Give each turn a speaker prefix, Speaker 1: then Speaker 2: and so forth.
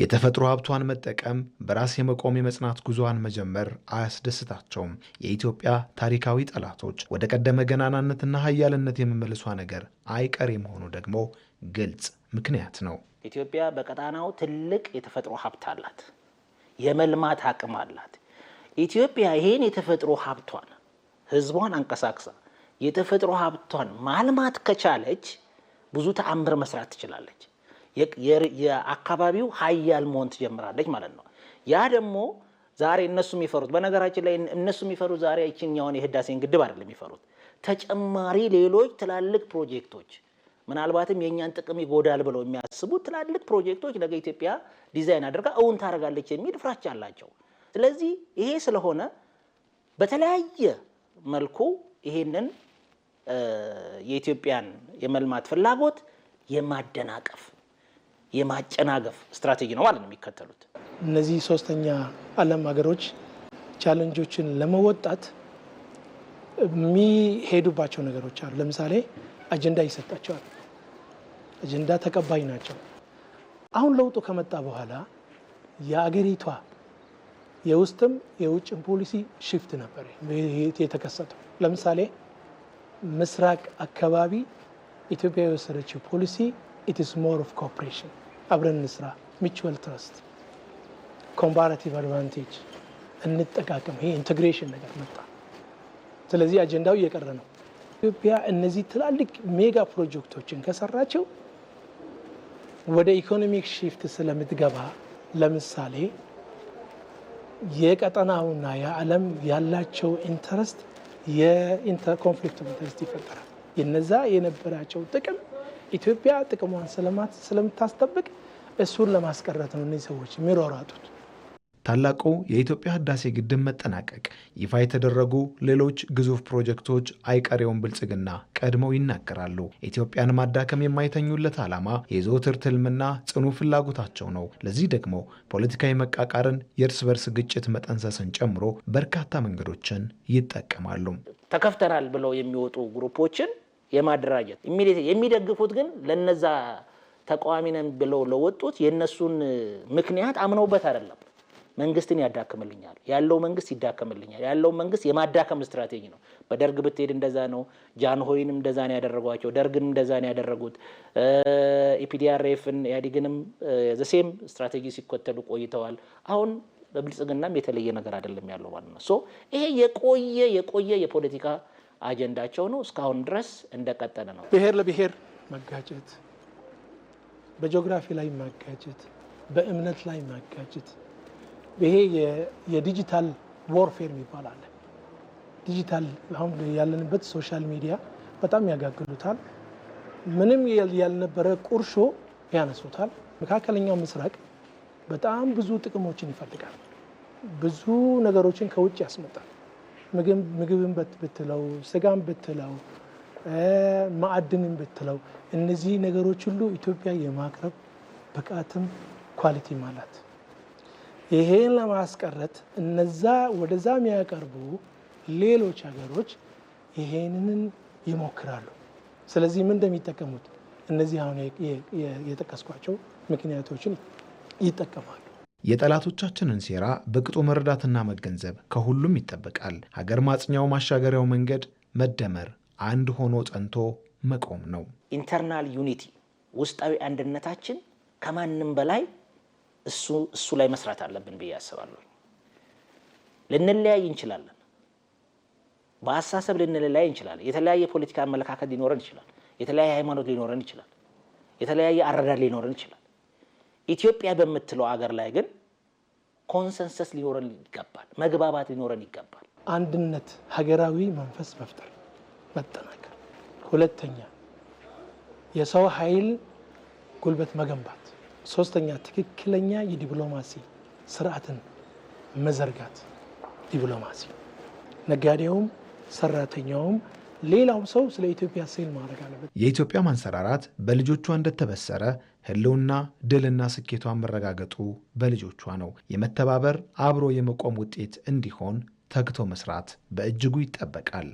Speaker 1: የተፈጥሮ ሀብቷን መጠቀም በራስ የመቆም የመጽናት ጉዞዋን መጀመር አያስደስታቸውም። የኢትዮጵያ ታሪካዊ ጠላቶች ወደ ቀደመ ገናናነትና ሀያልነት የመመልሷ ነገር አይቀሬ መሆኑ ደግሞ ግልጽ ምክንያት ነው።
Speaker 2: ኢትዮጵያ በቀጣናው ትልቅ የተፈጥሮ ሀብት አላት፣ የመልማት አቅም አላት። ኢትዮጵያ ይህን የተፈጥሮ ሀብቷን ህዝቧን አንቀሳቅሳ የተፈጥሮ ሀብቷን ማልማት ከቻለች ብዙ ተአምር መስራት ትችላለች። የአካባቢው ሀያል መሆን ትጀምራለች ማለት ነው። ያ ደግሞ ዛሬ እነሱ የሚፈሩት በነገራችን ላይ እነሱ የሚፈሩት ዛሬ ይችኛውን የህዳሴን ግድብ አይደለም የሚፈሩት፣ ተጨማሪ ሌሎች ትላልቅ ፕሮጀክቶች ምናልባትም የእኛን ጥቅም ይጎዳል ብለው የሚያስቡት ትላልቅ ፕሮጀክቶች ነገ ኢትዮጵያ ዲዛይን አድርጋ እውን ታደርጋለች የሚል ፍራቻ አላቸው። ስለዚህ ይሄ ስለሆነ በተለያየ መልኩ ይሄንን የኢትዮጵያን የመልማት ፍላጎት የማደናቀፍ የማጨናገፍ ስትራቴጂ ነው ማለት ነው የሚከተሉት።
Speaker 3: እነዚህ ሶስተኛ ዓለም ሀገሮች ቻለንጆችን ለመወጣት የሚሄዱባቸው ነገሮች አሉ። ለምሳሌ አጀንዳ ይሰጣቸዋል። አጀንዳ ተቀባይ ናቸው። አሁን ለውጡ ከመጣ በኋላ የአገሪቷ የውስጥም የውጭም ፖሊሲ ሽፍት ነበር የተከሰተው። ለምሳሌ ምስራቅ አካባቢ ኢትዮጵያ የወሰደችው ፖሊሲ ኢትስ ሞር ኦፍ ኮኦፕሬሽን አብረን እንስራ፣ ሚቹዋል ትረስት፣ ኮምፓራቲቭ አድቫንቴጅ እንጠቃቀም። ይሄ ኢንቴግሬሽን ነገር መጣ። ስለዚህ አጀንዳው እየቀረ ነው። ኢትዮጵያ እነዚህ ትላልቅ ሜጋ ፕሮጀክቶችን ከሰራቸው ወደ ኢኮኖሚክ ሺፍት ስለምትገባ ለምሳሌ የቀጠናውና የዓለም ያላቸው ኢንተረስት የኮንፍሊክት ኢንተረስት ይፈጠራል። የነዛ የነበራቸው ጥቅም ኢትዮጵያ ጥቅሟን ስለምታስጠብቅ እሱን ለማስቀረት ነው እነዚህ ሰዎች የሚሯሯጡት።
Speaker 1: ታላቁ የኢትዮጵያ ህዳሴ ግድብ መጠናቀቅ ይፋ የተደረጉ ሌሎች ግዙፍ ፕሮጀክቶች አይቀሬውን ብልጽግና ቀድመው ይናገራሉ። ኢትዮጵያን ማዳከም የማይተኙለት ዓላማ የዘወትር ትልምና ጽኑ ፍላጎታቸው ነው። ለዚህ ደግሞ ፖለቲካዊ መቃቃርን፣ የእርስ በርስ ግጭት መጠንሰስን ጨምሮ በርካታ መንገዶችን ይጠቀማሉ።
Speaker 2: ተከፍተናል ብለው የሚወጡ ግሩፖችን የማደራጀት የሚደግፉት ግን ለነዛ ተቃዋሚ ነን ብለው ለወጡት የእነሱን ምክንያት አምነውበት አይደለም። መንግስትን ያዳክምልኛል ያለው መንግስት ይዳከምልኛል ያለው መንግስት የማዳከም ስትራቴጂ ነው። በደርግ ብትሄድ እንደዛ ነው። ጃንሆይንም እንደዛ ነው ያደረጓቸው። ደርግን እንደዛ ነው ያደረጉት። ኢፒዲአርኤፍን ኢህአዴግንም ዘሴም ስትራቴጂ ሲከተሉ ቆይተዋል። አሁን በብልጽግናም የተለየ ነገር አይደለም ያለው ማለት ነው። ይሄ የቆየ የቆየ የፖለቲካ አጀንዳቸው ነው። እስካሁን ድረስ እንደቀጠለ ነው።
Speaker 3: ብሔር ለብሔር መጋጨት፣ በጂኦግራፊ ላይ ማጋጨት፣ በእምነት ላይ ማጋጨት ይሄ የዲጂታል ዎርፌር የሚባል አለ። ዲጂታል አሁን ያለንበት ሶሻል ሚዲያ በጣም ያጋግሉታል። ምንም ያልነበረ ቁርሾ ያነሱታል። መካከለኛው ምስራቅ በጣም ብዙ ጥቅሞችን ይፈልጋል። ብዙ ነገሮችን ከውጭ ያስመጣል። ምግብን ብትለው፣ ስጋን ብትለው፣ ማዕድንን ብትለው እነዚህ ነገሮች ሁሉ ኢትዮጵያ የማቅረብ ብቃትም ኳሊቲም አላት። ይሄን ለማስቀረት እነዛ ወደዛ የሚያቀርቡ ሌሎች ሀገሮች ይሄንን ይሞክራሉ። ስለዚህ ምን እንደሚጠቀሙት እነዚህ አሁን የጠቀስኳቸው ምክንያቶችን ይጠቀማሉ።
Speaker 1: የጠላቶቻችንን ሴራ በቅጡ መረዳትና መገንዘብ ከሁሉም ይጠበቃል። ሀገር ማጽኛው ማሻገሪያው መንገድ መደመር፣ አንድ ሆኖ ጸንቶ መቆም ነው።
Speaker 2: ኢንተርናል ዩኒቲ ውስጣዊ አንድነታችን ከማንም በላይ እሱ እሱ ላይ መስራት አለብን ብዬ አስባለሁ። ልንለያይ እንችላለን። በአሳሰብ ልንለያይ እንችላለን። የተለያየ ፖለቲካ አመለካከት ሊኖረን ይችላል። የተለያየ ሃይማኖት ሊኖረን ይችላል። የተለያየ አረዳድ ሊኖረን ይችላል። ኢትዮጵያ በምትለው ሀገር ላይ ግን ኮንሰንሰስ ሊኖረን ይገባል፣ መግባባት ሊኖረን ይገባል።
Speaker 3: አንድነት፣ ሀገራዊ መንፈስ መፍጠር፣ መጠናከር። ሁለተኛ የሰው ኃይል ጉልበት መገንባት። ሶስተኛ ትክክለኛ የዲፕሎማሲ ስርዓትን መዘርጋት። ዲፕሎማሲ ነጋዴውም፣ ሰራተኛውም ሌላውም ሰው ስለ ኢትዮጵያ ሴል ማድረግ አለበት።
Speaker 1: የኢትዮጵያ ማንሰራራት በልጆቿ እንደተበሰረ ህልውና ድልና ስኬቷ መረጋገጡ በልጆቿ ነው። የመተባበር አብሮ የመቆም ውጤት እንዲሆን ተግቶ መስራት በእጅጉ ይጠበቃል።